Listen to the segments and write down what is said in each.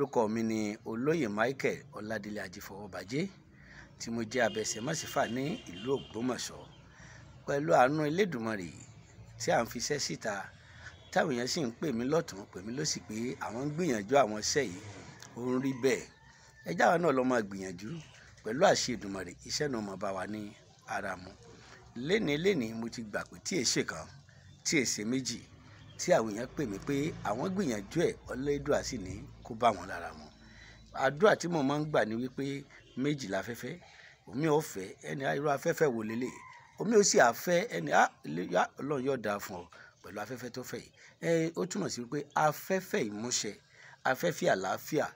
orúkọ mi ni olóyè michael ọládélé ajífọwọ́bajé tí mo jẹ́ abẹsẹ̀mọ́sífà ní ìlú ògbómọ̀ṣọ́ pẹ̀lú àánú elédùnmarè tí à ń fiṣẹ́ síta táwọn èèyàn sì ń pè mí lọ́tún pè mí lọ́sì pé àwọn ń gbìyànjú àwọn iṣẹ́ yìí ó ń rí bẹ́ẹ̀ ẹjá wa náà lọ máa gbìyànjú pẹ̀lú àṣẹ ìdùnmọ̀rẹ̀ iṣẹ́ náà máa bá wa ní ara mu lénìí lénìí mo ti gbà pé tí èsè kan tí èsè méjì tí àwọn èèyàn pè mí pé àwọn gbìyànjú ẹ̀ ọlẹ́dùà sì ní kó bá wọn lára mu àdúrà tí mo máa ń gbà ni wípé méjì láfẹ́fẹ́ omi ò fẹ́ ẹni irú afẹ́fẹ́ wò lélẹ̀ omi ò sì àfẹ́ ẹni ọlọ́run yóò dáa fún ọ pẹ̀lú afẹ́fẹ́ tó fẹ́ yìí ẹ ó túmọ̀ sí wípé afẹ́fẹ́ ìmúṣẹ afẹ́fẹ́ àlàáfíà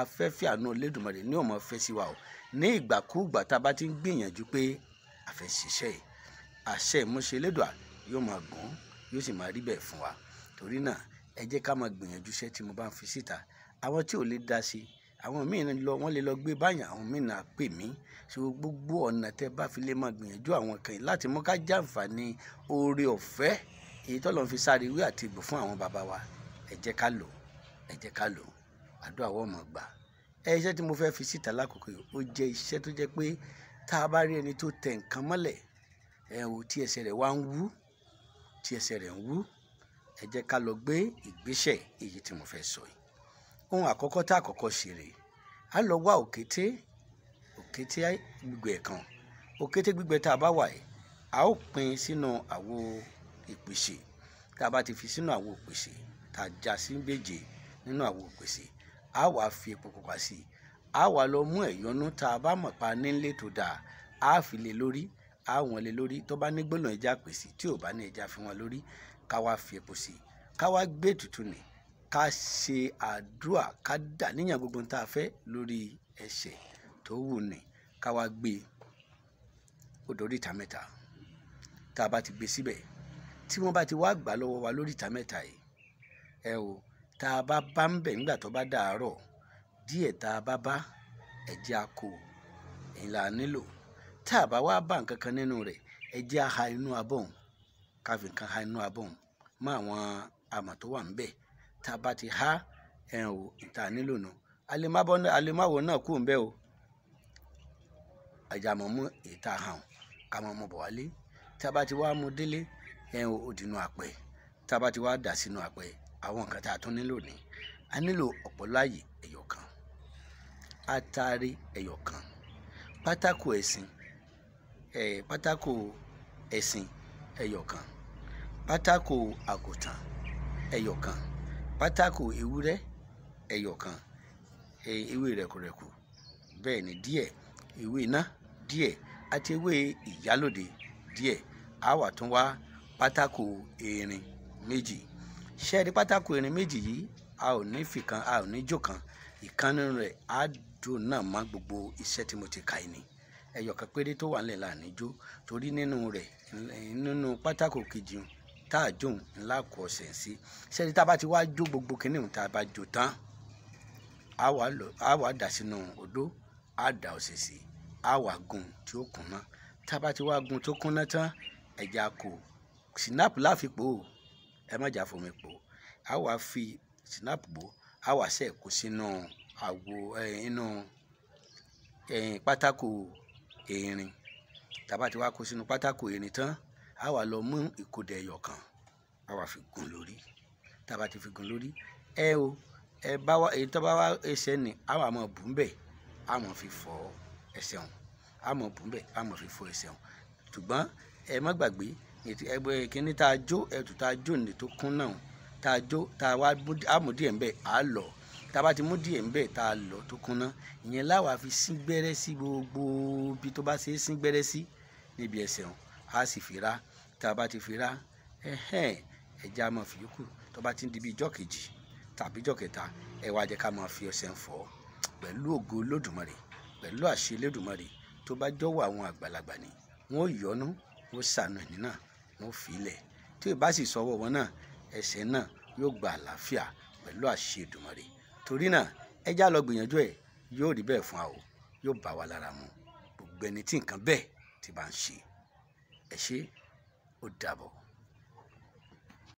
afẹ́fẹ́ àánú Olódùmarè ní ọmọ fẹ́ sí wa o ní ìgbàkúùgbà tá a bá ti ń gbìyànjú pé àfẹ́ ṣiṣẹ́ yìí àṣẹ ìmúṣẹ Elédùà yóò máa gùn yóò sì máa rí bẹ́ẹ̀ fún wa torí náà ẹ jẹ́ ká máa gbìyànjú iṣẹ́ tí mo bá ń fi síta àwọn tí ò lè dá sí àwọn míì lọ wọ́n lè lọ gbé báyàn àwọn míì náà pè mí so gbogbo ọ̀nà tẹ́ bá fi lè máa gbìyànjú àwọn kan láti mú ká jàǹfààní oore ọ̀fẹ́ èyí tọ́lọ́ fi sáré ìwé àti ìgbò fún àwọn bàbá wa ẹ jẹ́ ká lò ẹ jẹ́ ká lò àdúrà wọ́n mọ̀ gbà ẹ iṣẹ́ tí mo fẹ́ fi síta lákòókò yìí ó jẹ́ iṣẹ́ tó jẹ́ pé tá a bá rí ẹni tó tẹ̀ nǹkan mọ́lẹ̀ ẹ wo tí ẹsẹ̀ rẹ̀ wá ń wú tí ẹsẹ̀ rẹ̀ ń wú ẹ jẹ́ ká lọ gbé ìgbésẹ̀ èyí tí mo fẹ́ sọ yìí ohun àkọ́kọ́ tá àkọ́kọ́ ṣe rèé a lọ wá òkété òkété gbígbẹ kan òkété gbígbẹ tá a bá wà yìí a ó pín sínú àwo ìpèsè tá a bá ti fi sínú àwo ìpèsè tá a já sí méje nínú àwo ìpèsè a wà fi epo pupa sí i a wà lọ mú ẹ̀yọ́nú tá a bá mọ̀ pa nílé tó dáa a fi lé lórí a wọ̀n lé lórí tó bá ní gbóná ẹja pèsè tí ò bá ní ẹja fi wọn lórí ká wá fi epo sí i ká wá gbé ètùtù nì ká ṣe àdúrà ká dà níyàn gbogbo tá a fẹ́ lórí ẹ̀ṣẹ̀ tó wù ní ká wá gbé ó dorí ìta mẹ́ta tá a bá ti gbé síbẹ̀ tí wọ́n bá ti wá gbà lọ́wọ́ wa lórí ìta mẹ́ta yìí ẹ o tá a bá bá ń bẹ̀ nígbà tó bá dàárọ̀ díẹ̀ tá a bá bá ẹ̀jẹ̀ àkó ìlà nílò tá a bá wá bá nǹkan kan nínú rẹ̀ ẹ̀jẹ̀ àha inú abọ́hùn ká ha inú abọ́hùn mọ́ àwọn amọ̀ tó wà ńbẹ̀ tá a bá ti há ẹran o ìta nílò nu alẹ́máwọ̀ náà kù ńbẹ̀ o ẹja mọ̀ mú ìta hàn ká mọ̀ mọ̀ bọ̀ wálé tí a bá ti wá mú délé ẹran o dínú àpẹ tí a bá ti wá dà sínú àpẹ àwọn nǹkan tá a tún nílò ní a nílò ọ̀pọ̀láyè ẹyọ kan atare pátákó ẹ̀sìn pátákó ẹ̀sìn ẹyọ kan pátákó àgùntàn ẹyọkan pátákó ewúrẹ́ ẹyọkan e, ewé rẹ̀kùrẹ̀kù bẹ́ẹ̀ ni díẹ̀ ewé iná díẹ̀ àti ewé ìyálòde díẹ̀ á wà tún wá erin méjì ṣẹ́ẹ̀rí pátákó erin méjì yìí a ò ní a ò ní jò kan ìkan nínú rẹ̀ dùn gbogbo iṣẹ́ tí mo ti kà ní ẹyọkan péré tó wà tá a jó ńlá kọ ọ̀sẹ̀ sí ṣẹ́ni tá a bá ti wá jó gbogbo kinní tá a bá jó tán a wà dà sínú odó a dà ọ̀sẹ̀ sí a wà gun tí ó kúnná tá a bá ti wá gun tó kúnná tán ẹja kò sinap láfipò ẹ má jà fomi pò a wà fi sinap bò a wà sẹ́ kó sínú àwo inú pátákó erin tá a bá ti wá kó sínú pátákó erin tán a wà lọ mú ìkòdè ẹyọ kan a wà fi gùn lórí tá a bá ti fi gùn lórí ẹ o ẹ bá wa èyí tó bá wá ẹsẹ̀ ni a wà mọ bù ń bẹ a mọ fi fọ ẹsẹ̀ hàn a mọ bù ń bẹ a mọ fi fọ ẹsẹ̀ hàn ṣùgbọ́n ẹ má gbàgbé ẹgbẹ́ kínní tá a jó ẹtù tá a jó ní tó kún náà tá a jó tá a wá mú díẹ̀ ń bẹ a lọ tá ti mú díẹ̀ ń bẹ tá a lọ tó kún náà ìyẹn láwa fi sín gbẹ́rẹ́ sí gbogbo bí tó bá ṣe é sín gbẹ́rẹ́ sí níbi ẹsẹ̀ hàn a sì fi ra tá a bá ti fi rá ẹhẹ́n ẹja máa fi yòókù tó bá ti ń di bí ijọ́ kejì tàbí ijọ́ kẹta ẹ wá jẹ́ ká máa fi ọṣẹ ń fọ̀ pẹ̀lú ògo lódùmarè pẹ̀lú àṣẹ lódùmarè tó bá jọ́wọ́ àwọn àgbàlagbà ni wọ́n ò yọnu wọ́n sànù ẹni náà wọ́n fi ilẹ̀ tí ìbá sì sọ ọwọ́ wọn náà ẹsẹ̀ náà yóò gba àlàáfíà pẹ̀lú àṣẹ Èdùmàrè torí náà ẹjá lọ gbìyànjú ẹ̀ yóò rí bẹ́ẹ̀ fún wa o yóò bá wa lára mu gbogbo ẹni tí nǹkan bẹ́ẹ̀ ti bá ń ṣe ẹ ṣe would double.